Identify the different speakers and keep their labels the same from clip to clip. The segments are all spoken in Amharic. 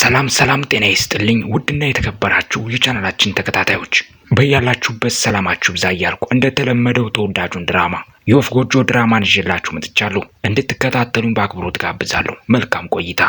Speaker 1: ሰላም ሰላም፣ ጤና ይስጥልኝ ውድና የተከበራችሁ የቻናላችን ተከታታዮች በያላችሁበት ሰላማችሁ ብዛ እያልኩ እንደተለመደው ተወዳጁን ድራማ የወፍ ጎጆ ድራማን ይዤላችሁ መጥቻለሁ። እንድትከታተሉኝ በአክብሮት ጋብዛለሁ። መልካም ቆይታ።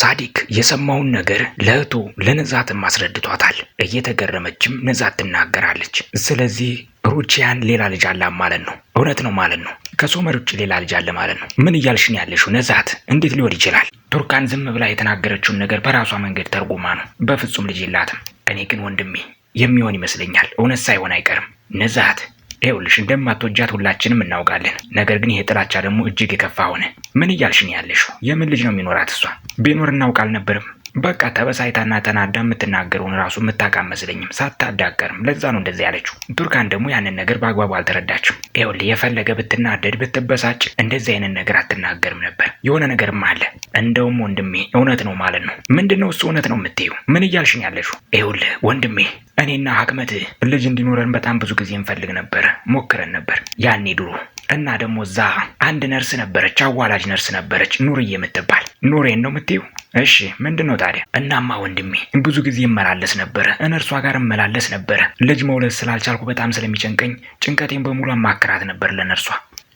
Speaker 1: ሳዲክ የሰማውን ነገር ለእህቱ ለነዛትም አስረድቷታል። እየተገረመችም ንዛት ትናገራለች። ስለዚህ ሩቺያን ሌላ ልጅ አለ ማለት ነው። እውነት ነው ማለት ነው። ከሶመር ውጭ ሌላ ልጅ አለ ማለት ነው። ምን እያልሽን ያለሽው ነዛት? እንዴት ሊሆን ይችላል? ቱርካን ዝም ብላ የተናገረችውን ነገር በራሷ መንገድ ተርጉማ ነው። በፍጹም ልጅ የላትም። እኔ ግን ወንድሜ የሚሆን ይመስለኛል። እውነት ሳይሆን አይቀርም ነዛት ይኸውልሽ እንደማትወጃት ሁላችንም እናውቃለን። ነገር ግን ይሄ ጥላቻ ደግሞ እጅግ የከፋ ሆነ። ምን እያልሽ ነው ያለሽው? የምን ልጅ ነው የሚኖራት? እሷ ቢኖር እናውቅ አልነበርም? በቃ ተበሳይታና ተናዳ የምትናገረውን ራሱ የምታውቅ መስለኝም ሳታዳቀርም ለዛ ነው እንደዚህ ያለችው። ቱርካን ደግሞ ያንን ነገር በአግባቡ አልተረዳችም። ይኸውልህ የፈለገ ብትናደድ ብትበሳጭ እንደዚህ አይነት ነገር አትናገርም ነበር። የሆነ ነገርም አለ። እንደውም ወንድሜ እውነት ነው ማለት ነው። ምንድን ነው እሱ እውነት ነው የምትይው? ምን እያልሽኝ ያለሽው? ይኸውልህ ወንድሜ እኔና ሀክመት ልጅ እንዲኖረን በጣም ብዙ ጊዜ እንፈልግ ነበረ፣ ሞክረን ነበር ያኔ ድሮ እና ደግሞ እዛ አንድ ነርስ ነበረች፣ አዋላጅ ነርስ ነበረች ኑር የምትባል ኑሬን ነው የምትይው? እሺ ምንድን ነው ታዲያ? እናማ ወንድሜ ብዙ ጊዜ እመላለስ ነበረ፣ እነርሷ ጋር እመላለስ ነበረ። ልጅ መውለድ ስላልቻልኩ በጣም ስለሚጨንቀኝ ጭንቀቴን በሙሉ አማክራት ነበር ለነርሷ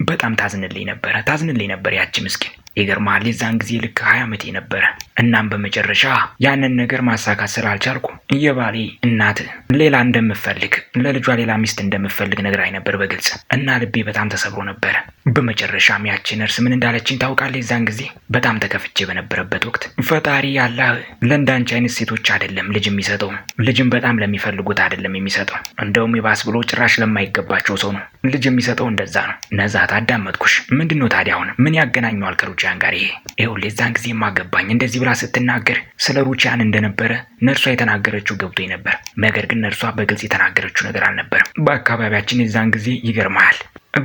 Speaker 1: በጣም ታዝንልኝ ነበረ ታዝንልኝ ነበር ያቺ ምስኪን ይገርማል የዛን ጊዜ ልክ ሀያ ዓመቴ ነበረ። እናም በመጨረሻ ያንን ነገር ማሳካት ስላልቻልኩ የባሌ እናት ሌላ እንደምፈልግ ለልጇ ሌላ ሚስት እንደምፈልግ ነግራኝ ነበር በግልጽ እና ልቤ በጣም ተሰብሮ ነበረ። በመጨረሻም ያቺ ነርስ ምን እንዳለችኝ ታውቃለህ? የዛን ጊዜ በጣም ተከፍቼ በነበረበት ወቅት ፈጣሪ አላህ ለእንዳንቺ አይነት ሴቶች አይደለም ልጅ የሚሰጠው፣ ልጅም በጣም ለሚፈልጉት አይደለም የሚሰጠው፣ እንደውም የባስ ብሎ ጭራሽ ለማይገባቸው ሰው ነው ልጅ የሚሰጠው። እንደዛ ነው። ነዛት አዳመጥኩሽ። ምንድን ነው ታዲያ አሁን ምን ያገናኘዋል ከሩቺያን ጋር ይሄ? ይኸውልህ የዛን ጊዜ ማገባኝ እንደዚህ ብላ ስትናገር ስለ ሩቺያን እንደነበረ ነርሷ የተናገረችው ገብቶኝ ነበር። ነገር ግን ነርሷ በግልጽ የተናገረችው ነገር አልነበረም። በአካባቢያችን የዛን ጊዜ ይገርመሃል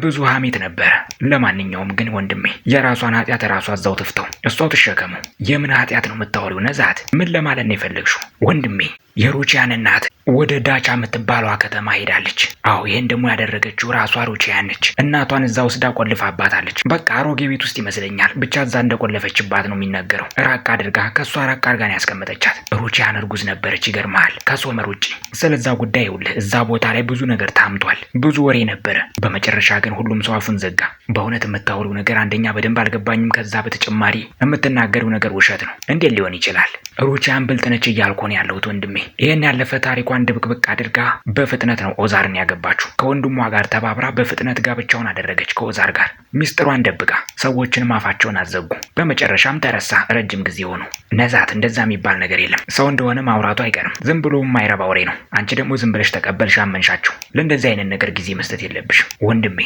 Speaker 1: ብዙ ሐሜት ነበረ። ለማንኛውም ግን ወንድሜ የራሷን ኃጢአት ራሷ እዛው ትፍተው፣ እሷው ትሸከመው። የምን ኃጢአት ነው የምታወሪው? ነዛት ምን ለማለት ነው የፈለግሽው ወንድሜ? የሩቺያን እናት ወደ ዳቻ የምትባለዋ ከተማ ሄዳለች። አዎ ይህን ደግሞ ያደረገችው ራሷ ሩቺያን ነች። እናቷን እዛ ውስዳ ቆልፋባታለች። በቃ አሮጌ ቤት ውስጥ ይመስለኛል ብቻ እዛ እንደቆለፈችባት ነው የሚነገረው። ራቅ አድርጋ ከእሷ ራቅ አድርጋ ነው ያስቀመጠቻት። ሩቺያን እርጉዝ ነበረች። ይገርመሃል፣ ከሶመር ውጭ ስለዛ ጉዳይ ይውልህ። እዛ ቦታ ላይ ብዙ ነገር ታምቷል፣ ብዙ ወሬ ነበረ። በመጨረሻ ግን ሁሉም ሰው አፉን ዘጋ። በእውነት የምታወሪው ነገር አንደኛ በደንብ አልገባኝም። ከዛ በተጨማሪ የምትናገረው ነገር ውሸት ነው። እንዴት ሊሆን ይችላል? ሩቺ ብልጥ ነች እያልኩ ነው ያለሁት ወንድሜ። ይህን ያለፈ ታሪኳን ድብቅብቅ አድርጋ በፍጥነት ነው ኦዛርን ያገባችው። ከወንድሟ ጋር ተባብራ በፍጥነት ጋብቻውን አደረገች ከኦዛር ጋር ሚስጥሯን ደብቃ። ሰዎችንም አፋቸውን አዘጉ። በመጨረሻም ተረሳ። ረጅም ጊዜ ሆኑ። ነዛት እንደዛ የሚባል ነገር የለም። ሰው እንደሆነ ማውራቱ አይቀርም። ዝም ብሎ የማይረባ ወሬ ነው። አንቺ ደግሞ ዝም ብለሽ ተቀበልሽ፣ አመንሻቸው። ለእንደዚህ አይነት ነገር ጊዜ መስጠት የለብሽም ወንድሜ።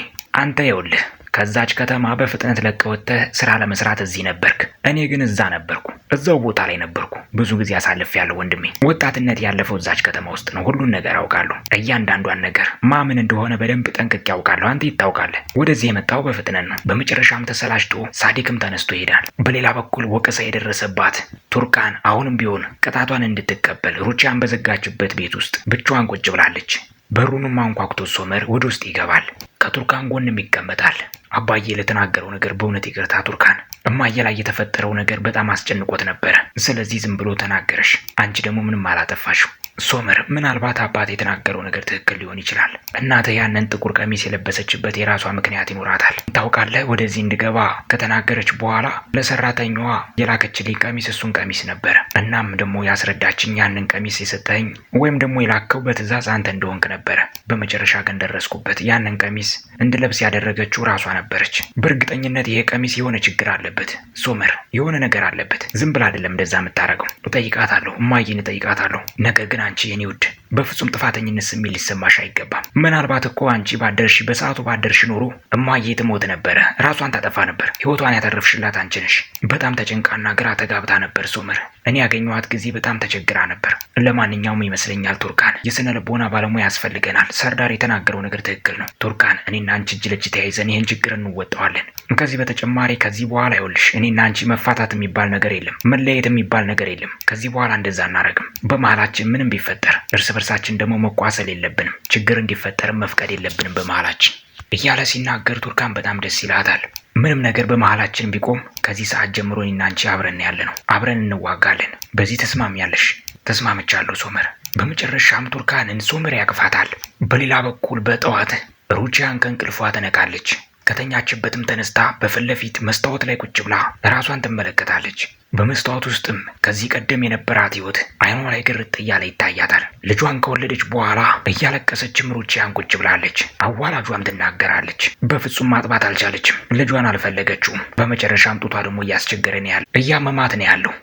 Speaker 1: አንተ የውልህ ከዛች ከተማ በፍጥነት ለቀህ ስራ ለመስራት እዚህ ነበርክ። እኔ ግን እዛ ነበርኩ፣ እዛው ቦታ ላይ ነበርኩ። ብዙ ጊዜ ያለው ወንድሜ። ወጣትነት ያለፈው እዛች ከተማ ውስጥ ነው። ሁሉን ነገር አውቃለሁ፣ እያንዳንዷን ነገር ማምን እንደሆነ በደንብ ጠንቅቄ አውቃለሁ። አንተ ይታውቃለህ። ወደዚህ የመጣው በፍጥነት ነው። በመጨረሻም ተሰላችቶ ሳዲክም ተነስቶ ይሄዳል። በሌላ በኩል ወቀሳ የደረሰባት ቱርካን አሁንም ቢሆን ቅጣቷን እንድትቀበል ሩቺያን በዘጋችበት ቤት ውስጥ ብቻዋን ቁጭ ብላለች። በሩንም አንኳኩቶ ሶመር ወደ ውስጥ ይገባል። ከቱርካን ጎንም ይቀመጣል። አባዬ ለተናገረው ነገር በእውነት ይቅርታ ቱርካን። እማዬ ላይ የተፈጠረው ነገር በጣም አስጨንቆት ነበረ። ስለዚህ ዝም ብሎ ተናገረሽ። አንቺ ደግሞ ምንም አላጠፋሽም። ሶመር ምናልባት አባት የተናገረው ነገር ትክክል ሊሆን ይችላል። እናተ ያንን ጥቁር ቀሚስ የለበሰችበት የራሷ ምክንያት ይኖራታል። ታውቃለህ፣ ወደዚህ እንድገባ ከተናገረች በኋላ ለሰራተኛዋ የላከችልኝ ቀሚስ እሱን ቀሚስ ነበር። እናም ደግሞ ያስረዳችኝ ያንን ቀሚስ የሰጠኝ ወይም ደግሞ የላከው በትዕዛዝ አንተ እንደሆንክ ነበረ። በመጨረሻ ግን ደረስኩበት። ያንን ቀሚስ እንድለብስ ያደረገችው ራሷ ነበረች። በእርግጠኝነት ይሄ ቀሚስ የሆነ ችግር አለበት ሶመር፣ የሆነ ነገር አለበት። ዝም ብላ አይደለም እንደዛ የምታደርገው። እጠይቃታለሁ፣ እማዬን እጠይቃታለሁ። ነገር ግን continued በፍጹም ጥፋተኝነት ስሜት ሊሰማሽ አይገባም። ምናልባት እኮ አንቺ ባደርሽ በሰዓቱ ባደርሽ ኖሮ እማዬ ትሞት ነበረ፣ ራሷን ታጠፋ ነበር። ህይወቷን ያተረፍሽላት አንቺ ነሽ። በጣም ተጨንቃና ግራ ተጋብታ ነበር ሶመር። እኔ ያገኘኋት ጊዜ በጣም ተቸግራ ነበር። ለማንኛውም ይመስለኛል ቱርካን፣ የስነ ልቦና ባለሙያ ያስፈልገናል። ሰርዳር የተናገረው ነገር ትክክል ነው። ቱርካን፣ እኔና አንቺ እጅ ለእጅ ተያይዘን ይህን ችግር እንወጣዋለን። ከዚህ በተጨማሪ ከዚህ በኋላ ይኸውልሽ፣ እኔና አንቺ መፋታት የሚባል ነገር የለም፣ መለየት የሚባል ነገር የለም። ከዚህ በኋላ እንደዛ አናረግም። በመሀላችን ምንም ቢፈጠር እርስ በርስ እርሳችን ደግሞ መቋሰል የለብንም፣ ችግር እንዲፈጠርም መፍቀድ የለብንም በመሀላችን እያለ ሲናገር ቱርካን በጣም ደስ ይላታል። ምንም ነገር በመሀላችን ቢቆም ከዚህ ሰዓት ጀምሮ እኔና አንቺ አብረን ያለ ነው፣ አብረን እንዋጋለን። በዚህ ተስማሚያለሽ? ተስማምቻለሁ ሶመር። በመጨረሻም ቱርካንን ሶመር ያቅፋታል። በሌላ በኩል በጠዋት ሩቺያን ከእንቅልፏ ተነቃለች። ከተኛችበትም ተነስታ በፊት ለፊት መስታወት ላይ ቁጭ ብላ ራሷን ትመለከታለች። በመስታወት ውስጥም ከዚህ ቀደም የነበራት ህይወት አይኗ ላይ ግርጥ እያለ ይታያታል። ልጇን ከወለደች በኋላ እያለቀሰችም ሩቺያን ቁጭ ብላለች። አዋላጇም ትናገራለች። በፍጹም ማጥባት አልቻለችም። ልጇን አልፈለገችውም። በመጨረሻም ጡቷ ደግሞ እያስቸገረ ነው ያለ እያመማት ነው ያለው።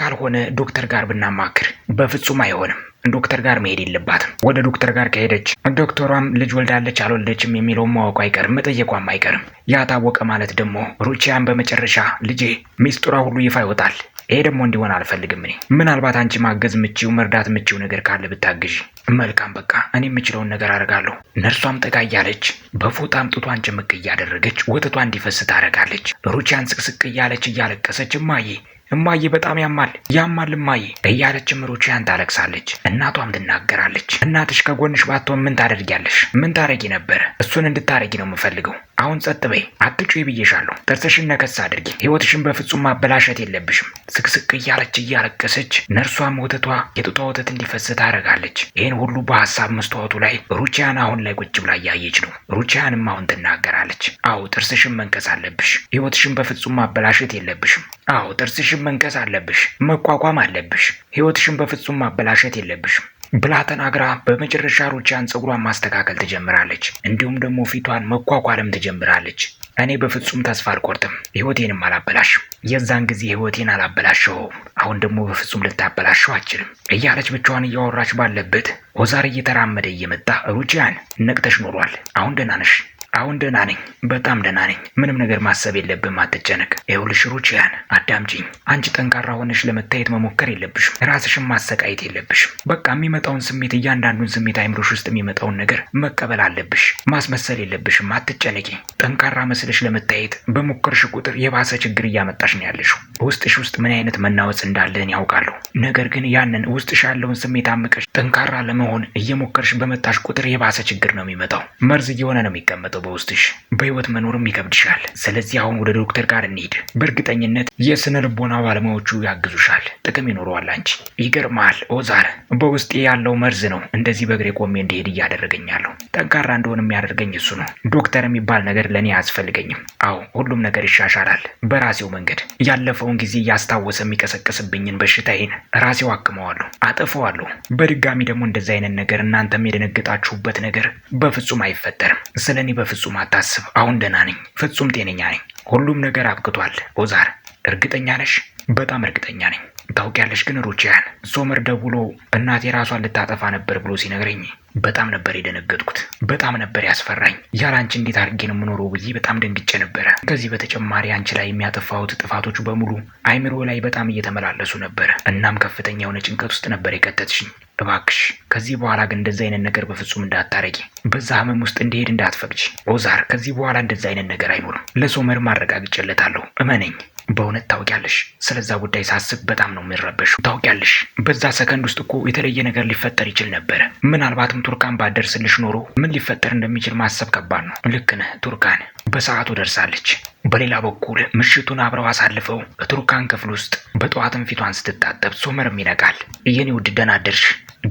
Speaker 1: ካልሆነ ዶክተር ጋር ብናማክር። በፍጹም አይሆንም። ዶክተር ጋር መሄድ የለባትም። ወደ ዶክተር ጋር ከሄደች ዶክተሯም ልጅ ወልዳለች አልወለደችም የሚለውን ማወቁ አይቀርም፣ መጠየቋም አይቀርም። ያታወቀ ማለት ደግሞ ሩቺያን በመጨረሻ ልጄ ሚስጥሯ ሁሉ ይፋ ይወጣል። ይሄ ደግሞ እንዲሆን አልፈልግም። እኔ ምናልባት አንቺ ማገዝ ምችው መርዳት ምችው ነገር ካለ ብታግዢ። መልካም በቃ እኔ የምችለውን ነገር አደርጋለሁ። ነርሷም ጠጋ እያለች በፎጣም ጡቷን ጭምቅ እያደረገች ወተቷ እንዲፈስ ታደርጋለች። ሩቺያን ስቅስቅ እያለች እያለቀሰች እማዬ እማዬ በጣም ያማል ያማል እማዬ እያለችም ሩቺያን ታለቅሳለች። እናቷም ትናገራለች። እናትሽ ከጎንሽ ባትሆን ምን ታደርጊያለሽ? ምን ታረጊ ነበር? እሱን እንድታረጊ ነው የምፈልገው። አሁን ጸጥ በይ፣ አትጩይ ብዬሻለሁ። ጥርስሽን ነከስ አድርጊ። ህይወትሽን በፍጹም ማበላሸት የለብሽም። ስቅስቅ እያለች እያለቀሰች ነርሷም ወተቷ የጡቷ ወተት እንዲፈስ ታደርጋለች። ይህን ሁሉ በሀሳብ መስተዋቱ ላይ ሩቺያን አሁን ላይ ቁጭ ብላ እያየች ነው። ሩቺያንም አሁን ትናገራለች። አዎ ጥርስሽን መንከስ አለብሽ። ህይወትሽን በፍጹም ማበላሸት የለብሽም። አዎ ጥርስሽን መንከስ አለብሽ። መቋቋም አለብሽ። ህይወትሽን በፍጹም ማበላሸት የለብሽም። ብላ ተናግራ በመጨረሻ ሩቺያን ፀጉሯን ማስተካከል ትጀምራለች። እንዲሁም ደግሞ ፊቷን መኳኳልም ትጀምራለች። እኔ በፍጹም ተስፋ አልቆርጥም፣ ህይወቴንም አላበላሽም። የዛን ጊዜ ህይወቴን አላበላሸው አሁን ደግሞ በፍጹም ልታበላሸው አችልም እያለች ብቻዋን እያወራች ባለበት ኦዛር እየተራመደ እየመጣ ሩቺያን ነቅተሽ ኖሯል፣ አሁን ደህና ነሽ አሁን ደህና ነኝ፣ በጣም ደህና ነኝ። ምንም ነገር ማሰብ የለብም፣ አትጨነቅ። ይኸውልሽ ሩቺያን አዳምጪኝ። አንቺ ጠንካራ ሆነሽ ለመታየት መሞከር የለብሽም፣ ራስሽን ማሰቃየት የለብሽም። በቃ የሚመጣውን ስሜት፣ እያንዳንዱን ስሜት፣ አይምሮሽ ውስጥ የሚመጣውን ነገር መቀበል አለብሽ። ማስመሰል የለብሽም፣ አትጨነቂ። ጠንካራ መስለሽ ለመታየት በሞከርሽ ቁጥር የባሰ ችግር እያመጣሽ ነው ያለሽው። ውስጥሽ ውስጥ ምን አይነት መናወጽ እንዳለን ያውቃሉ። ነገር ግን ያንን ውስጥሽ ያለውን ስሜት አምቀሽ ጠንካራ ለመሆን እየሞከርሽ በመጣሽ ቁጥር የባሰ ችግር ነው የሚመጣው። መርዝ እየሆነ ነው የሚቀመጠው ሰው በውስጥሽ በህይወት መኖርም ይከብድሻል። ስለዚህ አሁን ወደ ዶክተር ጋር እንሂድ። በእርግጠኝነት የስነ ልቦና ባለሙያዎቹ ያግዙሻል። ጥቅም ይኖረዋል። አንቺ ይገርማል ኦዛር፣ በውስጤ ያለው መርዝ ነው እንደዚህ በእግሬ ቆሜ እንደሄድ እያደረገኛለሁ። ጠንካራ እንደሆን የሚያደርገኝ እሱ ነው። ዶክተር የሚባል ነገር ለእኔ አያስፈልገኝም። አዎ ሁሉም ነገር ይሻሻላል በራሴው መንገድ። ያለፈውን ጊዜ እያስታወሰ በሽታ በሽታዬን ራሴው አክመዋለሁ፣ አጠፈዋለሁ። በድጋሚ ደግሞ እንደዚህ አይነት ነገር እናንተም የደነገጣችሁበት ነገር በፍጹም አይፈጠርም። ስለ እኔ በፍጹም አታስብ። አሁን ደህና ነኝ፣ ፍጹም ጤነኛ ነኝ። ሁሉም ነገር አብቅቷል። ኦዛር እርግጠኛ ነሽ? በጣም እርግጠኛ ነኝ። ታውቂያለሽ ግን ሩቺያን ሶመር ደውሎ እናቴ ራሷን ልታጠፋ ነበር ብሎ ሲነግረኝ በጣም ነበር የደነገጥኩት። በጣም ነበር ያስፈራኝ። ያለ አንቺ እንዴት አድርጌ ነው የምኖረው ብዬ በጣም ደንግጬ ነበረ። ከዚህ በተጨማሪ አንቺ ላይ የሚያጠፋሁት ጥፋቶች በሙሉ አይምሮ ላይ በጣም እየተመላለሱ ነበረ። እናም ከፍተኛ የሆነ ጭንቀት ውስጥ ነበር የከተትሽኝ። እባክሽ ከዚህ በኋላ ግን እንደዚህ አይነት ነገር በፍጹም እንዳታረጊ፣ በዛ ህመም ውስጥ እንደሄድ እንዳትፈቅጂ። ኦዛር ከዚህ በኋላ እንደዚህ አይነት ነገር አይኖርም። ለሶመርም አረጋግጬለታለሁ፣ እመነኝ። በእውነት ታውቂያለሽ፣ ስለዛ ጉዳይ ሳስብ በጣም ነው የሚረበሹ። ታውቂያለሽ፣ በዛ ሰከንድ ውስጥ እኮ የተለየ ነገር ሊፈጠር ይችል ነበረ። ምናልባትም ቱርካን ባደርስልሽ ኖሮ ምን ሊፈጠር እንደሚችል ማሰብ ከባድ ነው። ልክ ነህ ቱርካን በሰዓቱ ደርሳለች። በሌላ በኩል ምሽቱን አብረው አሳልፈው ቱርካን ክፍል ውስጥ በጠዋትም ፊቷን ስትታጠብ ሶመርም ይነቃል። የኔ ውድ ደህና አደርሽ።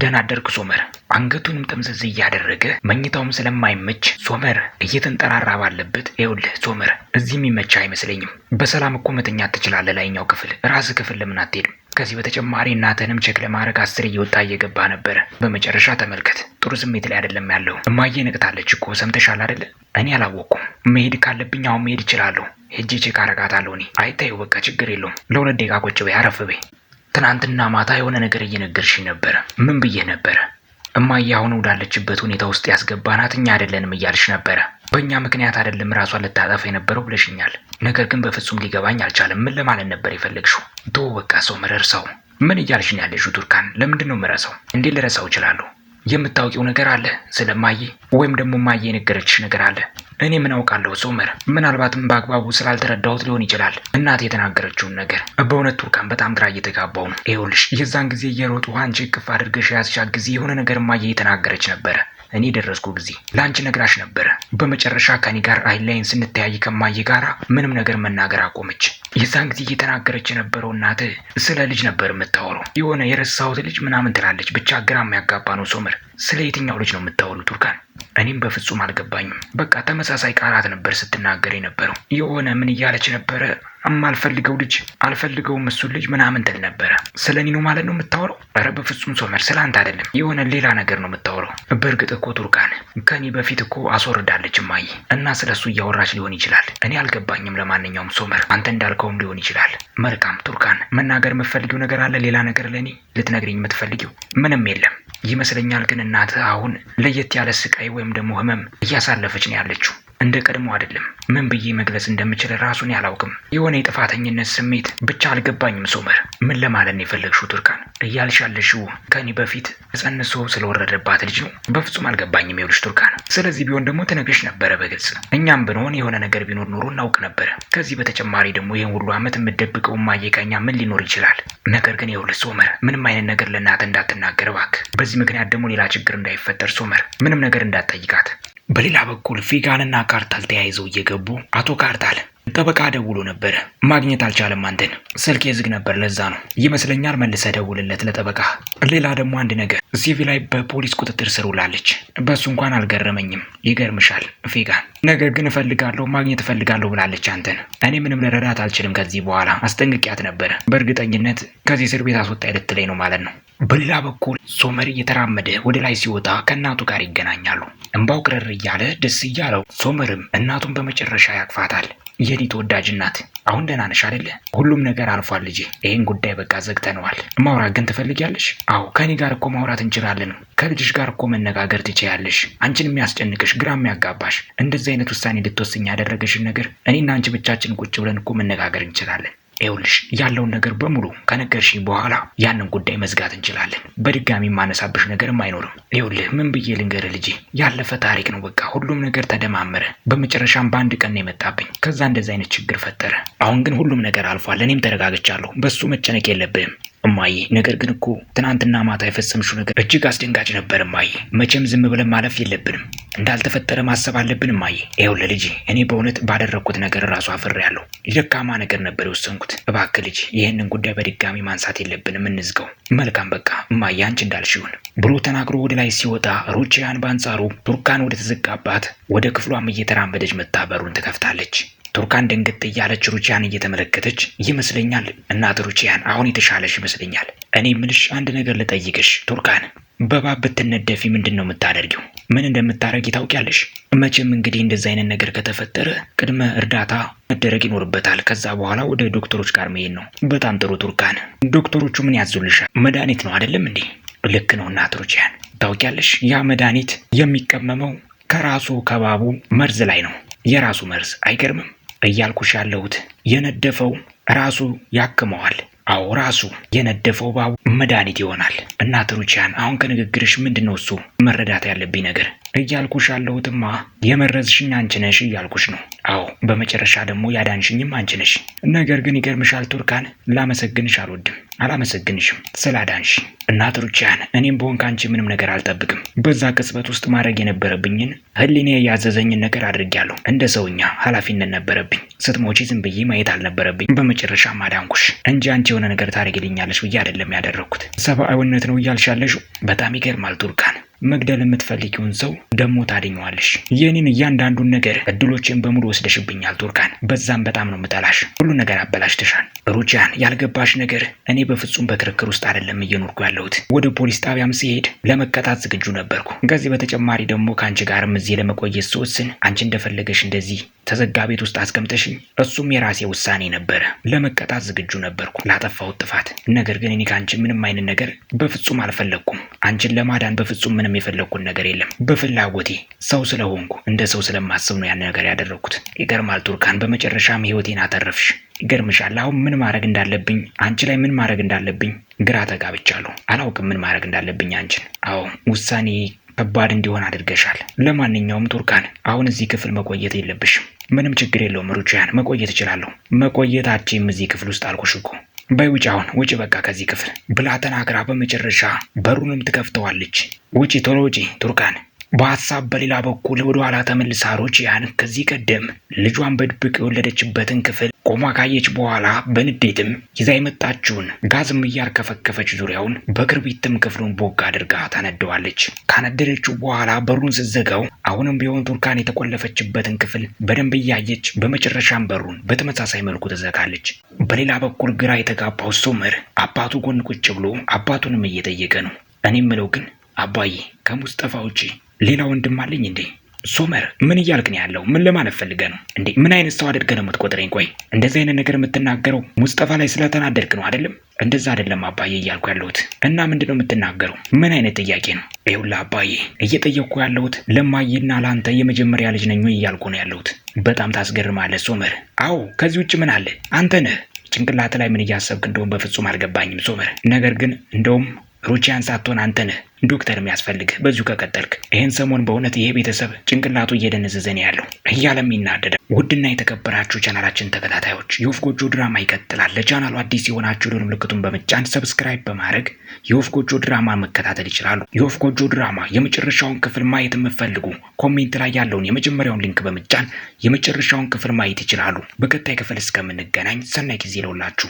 Speaker 1: ደህና አደርክ ሶመር። አንገቱንም ጠምዘዝ እያደረገ መኝታውም ስለማይመች ሶመር እየተንጠራራ ባለበት ይኸውልህ ሶመር፣ እዚህ የሚመች አይመስለኝም። በሰላም እኮ መተኛት ትችላለህ። ላይኛው ክፍል ራስ ክፍል ለምን አትሄድም? ከዚህ በተጨማሪ እናትህንም ቼክ ለማድረግ አስር እየወጣ እየገባ ነበረ። በመጨረሻ ተመልከት። ጥሩ ስሜት ላይ አይደለም ያለው። እማዬ ንቅታለች እኮ ሰምተሻል አይደለ? እኔ አላወቅኩም። መሄድ ካለብኝ አሁን መሄድ እችላለሁ። ሄጄ ቼክ አረጋታለሁ። እኔ አይታዩ በቃ ችግር የለውም። ለሁለት ደቂቃ ቁጭ በይ፣ አረፍ በይ። ትናንትና ማታ የሆነ ነገር እየነገርሽኝ ነበረ። ምን ብዬ ነበረ? እማዬ አሁን ወዳለችበት ሁኔታ ውስጥ ያስገባናት እኛ አይደለንም እያልሽ ነበረ። በእኛ ምክንያት አይደለም ራሷን ልታጠፋ የነበረው ብለሽኛል። ነገር ግን በፍጹም ሊገባኝ አልቻለም። ምን ለማለት ነበር የፈለግሽው? ቶ በቃ ሰው መረር ሰው ምን እያልሽ ነው ያለሽው? ቱርካን ለምንድን ነው ምረሰው? እንዴት ልረሳው እችላለሁ? የምታውቂው ነገር አለ ስለ ወይም ደግሞ ማዬ የነገረችሽ ነገር አለ? እኔ ምን አውቃለሁ ሶመር፣ ምናልባትም በአግባቡ ስላልተረዳሁት ሊሆን ይችላል። እናት የተናገረችውን ነገር በእውነት ቱርካን በጣም ግራ እየተጋባው ነው። ይኸውልሽ የዛን ጊዜ እየሮጡ አንቺ እቅፍ አድርገሽ የያዝሻት ጊዜ የሆነ ነገር ማየ የተናገረች ነበረ እኔ ደረስኩ ጊዜ ለአንቺ ነግራሽ ነበረ። በመጨረሻ ከኔ ጋር ላይን ስንተያይ ከማየ ጋራ ምንም ነገር መናገር አቆመች። የዛን ጊዜ እየተናገረች የነበረው እናት ስለ ልጅ ነበር የምታወረው። የሆነ የረሳሁት ልጅ ምናምን ትላለች። ብቻ ግራ የሚያጋባ ነው። ሶመር ስለ የትኛው ልጅ ነው የምታወሩ ቱርካን? እኔም በፍጹም አልገባኝም። በቃ ተመሳሳይ ቃላት ነበር ስትናገር የነበረው። የሆነ ምን እያለች ነበረ በጣም አልፈልገው ልጅ አልፈልገውም እሱን ልጅ ምናምን ትል ነበረ። ስለ እኔ ነው ማለት ነው የምታወራው? ኧረ በፍጹም ሶመር፣ ስለ አንተ አይደለም የሆነ ሌላ ነገር ነው የምታወራው። በእርግጥ እኮ ቱርካን ከኔ በፊት እኮ አስወርዳለች ማይ እና ስለ እሱ እያወራች ሊሆን ይችላል። እኔ አልገባኝም። ለማንኛውም ሶመር፣ አንተ እንዳልከውም ሊሆን ይችላል። መልካም ቱርካን፣ መናገር የምትፈልጊው ነገር አለ? ሌላ ነገር ለእኔ ልትነግሪኝ የምትፈልጊው? ምንም የለም ይመስለኛል። ግን እናትህ አሁን ለየት ያለ ስቃይ ወይም ደግሞ ህመም እያሳለፈች ነው ያለችው እንደ ቀድሞ አይደለም። ምን ብዬ መግለጽ እንደምችል ራሱን ያላውቅም። የሆነ የጥፋተኝነት ስሜት ብቻ አልገባኝም። ሶመር ምን ለማለት ነው የፈለግሽው? ቱርካን እያልሽ ያለሽው ከኔ በፊት ጸንሶ ስለወረደባት ልጅ ነው። በፍጹም አልገባኝም። ይኸውልሽ ቱርካን፣ ስለዚህ ቢሆን ደግሞ ትነግርሽ ነበረ በግልጽ። እኛም ብንሆን የሆነ ነገር ቢኖር ኖሮ እናውቅ ነበረ። ከዚህ በተጨማሪ ደግሞ ይህን ሁሉ ዓመት የምደብቀው ማየቀኛ ምን ሊኖር ይችላል? ነገር ግን ይኸውልሽ ሶመር፣ ምንም አይነት ነገር ለእናት እንዳትናገር እባክህ። በዚህ ምክንያት ደግሞ ሌላ ችግር እንዳይፈጠር ሶመር፣ ምንም ነገር እንዳትጠይቃት በሌላ በኩል ፊጋንና ካርታል ተያይዘው እየገቡ አቶ ካርታል ጠበቃ ደውሎ ነበር፣ ማግኘት አልቻለም። አንተን ስልክ የዝግ ነበር፣ ለዛ ነው ይመስለኛል። መልሰ ደውልለት ለጠበቃ። ሌላ ደግሞ አንድ ነገር ሲቪ ላይ በፖሊስ ቁጥጥር ስር ውላለች። በእሱ እንኳን አልገረመኝም። ይገርምሻል ፊጋን፣ ነገር ግን እፈልጋለሁ፣ ማግኘት እፈልጋለሁ ብላለች አንተን። እኔ ምንም ልረዳት አልችልም ከዚህ በኋላ አስጠንቅቂያት ነበር። በእርግጠኝነት ከዚህ እስር ቤት አስወጣ ልትለኝ ነው ማለት ነው። በሌላ በኩል ሶመር እየተራመደ ወደ ላይ ሲወጣ ከእናቱ ጋር ይገናኛሉ። እምባው ቅርር እያለ ደስ እያለው ሶመርም እናቱን በመጨረሻ ያቅፋታል። የኔ ተወዳጅ እናት አሁን ደህና ነሽ አይደለ? ሁሉም ነገር አልፏል ልጄ። ይህን ጉዳይ በቃ ዘግተነዋል። ማውራት ግን ትፈልጊያለሽ? አዎ ከኔ ጋር እኮ ማውራት እንችላለን። ከልጅሽ ጋር እኮ መነጋገር ትችያለሽ። አንቺን የሚያስጨንቅሽ ግራ የሚያጋባሽ እንደዚህ አይነት ውሳኔ እንድትወስኝ ያደረገሽን ነገር እኔና አንቺ ብቻችን ቁጭ ብለን እኮ መነጋገር እንችላለን። ይኸውልሽ ያለውን ነገር በሙሉ ከነገርሽኝ በኋላ ያንን ጉዳይ መዝጋት እንችላለን። በድጋሚ የማነሳብሽ ነገርም አይኖርም። ይኸውልህ ምን ብዬ ልንገርህ ልጄ፣ ያለፈ ታሪክ ነው። በቃ ሁሉም ነገር ተደማመረ። በመጨረሻም በአንድ ቀን ነው የመጣብኝ። ከዛ እንደዚህ አይነት ችግር ፈጠረ። አሁን ግን ሁሉም ነገር አልፏል። እኔም ተረጋግቻለሁ። በሱ መጨነቅ የለብህም። እማዬ ነገር ግን እኮ ትናንትና ማታ የፈጸምሽው ነገር እጅግ አስደንጋጭ ነበር እማዬ። መቼም ዝም ብለን ማለፍ የለብንም፣ እንዳልተፈጠረ ማሰብ አለብን እማዬ። ይኸው ልጄ፣ እኔ በእውነት ባደረግኩት ነገር ራሱ አፍሬያለሁ። ደካማ ነገር ነበር የወሰንኩት። እባክህ ልጅ፣ ይህንን ጉዳይ በድጋሚ ማንሳት የለብንም፣ እንዝጋው። መልካም በቃ እማዬ፣ አንቺ እንዳልሽውን ብሎ ተናግሮ ወደ ላይ ሲወጣ ሩቺያን በአንጻሩ ቱርካን ወደ ተዘጋባት ወደ ክፍሏም እየተራመደች መታበሩን በሩን ትከፍታለች። ቱርካን ድንግጥ እያለች ሩቺያን እየተመለከተች ይመስለኛል። እናት ሩቺያን አሁን የተሻለሽ ይመስለኛል። እኔ ምልሽ አንድ ነገር ልጠይቅሽ ቱርካን፣ በባብ ብትነደፊ ምንድን ነው የምታደርጊው? ምን እንደምታደርጊ ታውቂያለሽ? መቼም እንግዲህ እንደዚህ አይነት ነገር ከተፈጠረ ቅድመ እርዳታ መደረግ ይኖርበታል። ከዛ በኋላ ወደ ዶክተሮች ጋር መሄድ ነው። በጣም ጥሩ ቱርካን። ዶክተሮቹ ምን ያዙልሻል? መድኃኒት ነው አይደለም እንዴ? ልክ ነው እናት ሩቺያን። ታውቂያለሽ ያ መድኃኒት የሚቀመመው ከራሱ ከባቡ መርዝ ላይ ነው። የራሱ መርዝ አይገርምም? እያልኩሽ ያለሁት የነደፈው ራሱ ያክመዋል። አዎ ራሱ የነደፈው ባቡ መድኃኒት ይሆናል። እናት ሩቺያን፣ አሁን ከንግግርሽ ምንድን ነው እሱ መረዳት ያለብኝ ነገር? እያልኩሽ ያለሁትማ የመረዝሽኝ አንቺ ነሽ እያልኩሽ ነው። አዎ በመጨረሻ ደግሞ ያዳንሽኝም አንቺ ነሽ። ነገር ግን ይገርምሻል ቱርካን፣ ላመሰግንሽ አልወድም አላመሰግንሽም ስላዳንሽ እናት ሩቺያን፣ እኔም በሆን ከአንቺ ምንም ነገር አልጠብቅም። በዛ ቅጽበት ውስጥ ማድረግ የነበረብኝን ህሊኔ ያዘዘኝን ነገር አድርጌያለሁ እንደ ሰውኛ ኃላፊነት ነበረብኝ። ስትሞቺ ዝም ብዬ ማየት አልነበረብኝ። በመጨረሻ አዳንኩሽ እንጂ አንቺ የሆነ ነገር ታደርግልኛለሽ ብዬ አይደለም ያደረግኩት። ሰብአዊነት ነው እያልሻለሽ በጣም ይገርማል ቱርካን መግደል የምትፈልጊውን ሰው ደሞ ታድኘዋለሽ። የኔን እያንዳንዱን ነገር እድሎችን በሙሉ ወስደሽብኛል ቱርካን። በዛም በጣም ነው ምጠላሽ። ሁሉ ነገር አበላሽተሻል። ሩቺያን ያልገባሽ ነገር እኔ በፍጹም በክርክር ውስጥ አይደለም እየኖርኩ ያለሁት። ወደ ፖሊስ ጣቢያም ሲሄድ ለመቀጣት ዝግጁ ነበርኩ። ከዚህ በተጨማሪ ደግሞ ከአንቺ ጋርም እዚህ ለመቆየት ስወስን አንቺ እንደፈለገሽ እንደዚህ ተዘጋ ቤት ውስጥ አስቀምጠሽኝ፣ እሱም የራሴ ውሳኔ ነበረ። ለመቀጣት ዝግጁ ነበርኩ ላጠፋሁት ጥፋት። ነገር ግን እኔ ከአንቺ ምንም አይነት ነገር በፍጹም አልፈለግኩም። አንቺን ለማዳን በፍጹም ምንም ምንም የፈለግኩት ነገር የለም። በፍላጎቴ ሰው ስለሆንኩ እንደ ሰው ስለማስብ ነው ያን ነገር ያደረግኩት። ይገርማል ቱርካን፣ በመጨረሻም ህይወቴን አተረፍሽ። ይገርምሻል። አሁን ምን ማድረግ እንዳለብኝ አንቺ ላይ ምን ማድረግ እንዳለብኝ ግራ ተጋብቻለሁ። አላውቅም ምን ማድረግ እንዳለብኝ አንቺን። አዎ ውሳኔ ከባድ እንዲሆን አድርገሻል። ለማንኛውም ቱርካን አሁን እዚህ ክፍል መቆየት የለብሽም። ምንም ችግር የለውም ሩቺያን፣ መቆየት እችላለሁ። መቆየት እዚህ ክፍል ውስጥ አልኩሽ እኮ በውጭ አሁን ውጭ በቃ ከዚህ ክፍል ብላ ተናግራ በመጨረሻ በሩንም ትከፍተዋለች። ውጪ ቶሎ ውጪ ቱርካን በሀሳብ በሌላ በኩል ወደ ኋላ ተመልሳ ሩቺያን ከዚህ ቀደም ልጇን በድብቅ የወለደችበትን ክፍል ቆማ ካየች በኋላ በንዴትም ይዛ የመጣችውን ጋዝም እያርከፈከፈች ዙሪያውን በክርቢትም ክፍሉን ቦግ አድርጋ ታነደዋለች። ካነደደችው በኋላ በሩን ስትዘጋው አሁንም ቢሆን ቱርካን የተቆለፈችበትን ክፍል በደንብ እያየች በመጨረሻም በሩን በተመሳሳይ መልኩ ትዘጋለች። በሌላ በኩል ግራ የተጋባው ሶመር አባቱ ጎን ቁጭ ብሎ አባቱንም እየጠየቀ ነው። እኔ ምለው ግን አባዬ ከሙስጠፋ ውጪ ሌላ ወንድም አለኝ እንዴ? ሶመር ምን እያልክ ነው ያለው? ምን ለማለት ፈልገ ነው እንዴ? ምን አይነት ሰው አድርገ ነው የምትቆጥረኝ? ቆይ እንደዚህ አይነት ነገር የምትናገረው ሙስጠፋ ላይ ስለተናደድክ ነው አይደለም? እንደዛ አይደለም አባዬ እያልኩ ያለሁት። እና ምንድነው የምትናገረው? ምን አይነት ጥያቄ ነው? ይኸውልህ አባዬ እየጠየቅኩ ያለሁት ለማይና ለአንተ የመጀመሪያ ልጅ ነኝ ወይ እያልኩ ነው ያለሁት። በጣም ታስገርማለህ ሶመር። አዎ ከዚህ ውጭ ምን አለ? አንተ ነህ። ጭንቅላት ላይ ምን እያሰብክ እንደውም በፍጹም አልገባኝም ሶመር። ነገር ግን እንደውም ሩቺያን ሳትሆን አንተ ነህ ዶክተር የሚያስፈልግህ በዚሁ ከቀጠልክ። ይህን ሰሞን በእውነት ይሄ ቤተሰብ ጭንቅላቱ እየደነዘዘን ያለው እያለም ይናደዳል። ውድና የተከበራችሁ ቻናላችን ተከታታዮች የወፍ ጎጆ ድራማ ይቀጥላል። ለቻናሉ አዲስ የሆናችሁ ደወል ምልክቱን በመጫን ሰብስክራይብ በማድረግ የወፍ ጎጆ ድራማ መከታተል ይችላሉ። የወፍ ጎጆ ድራማ የመጨረሻውን ክፍል ማየት የምትፈልጉ ኮሜንት ላይ ያለውን የመጀመሪያውን ሊንክ በመጫን የመጨረሻውን ክፍል ማየት ይችላሉ። በቀጣይ ክፍል እስከምንገናኝ ሰናይ ጊዜ ይለውላችሁ።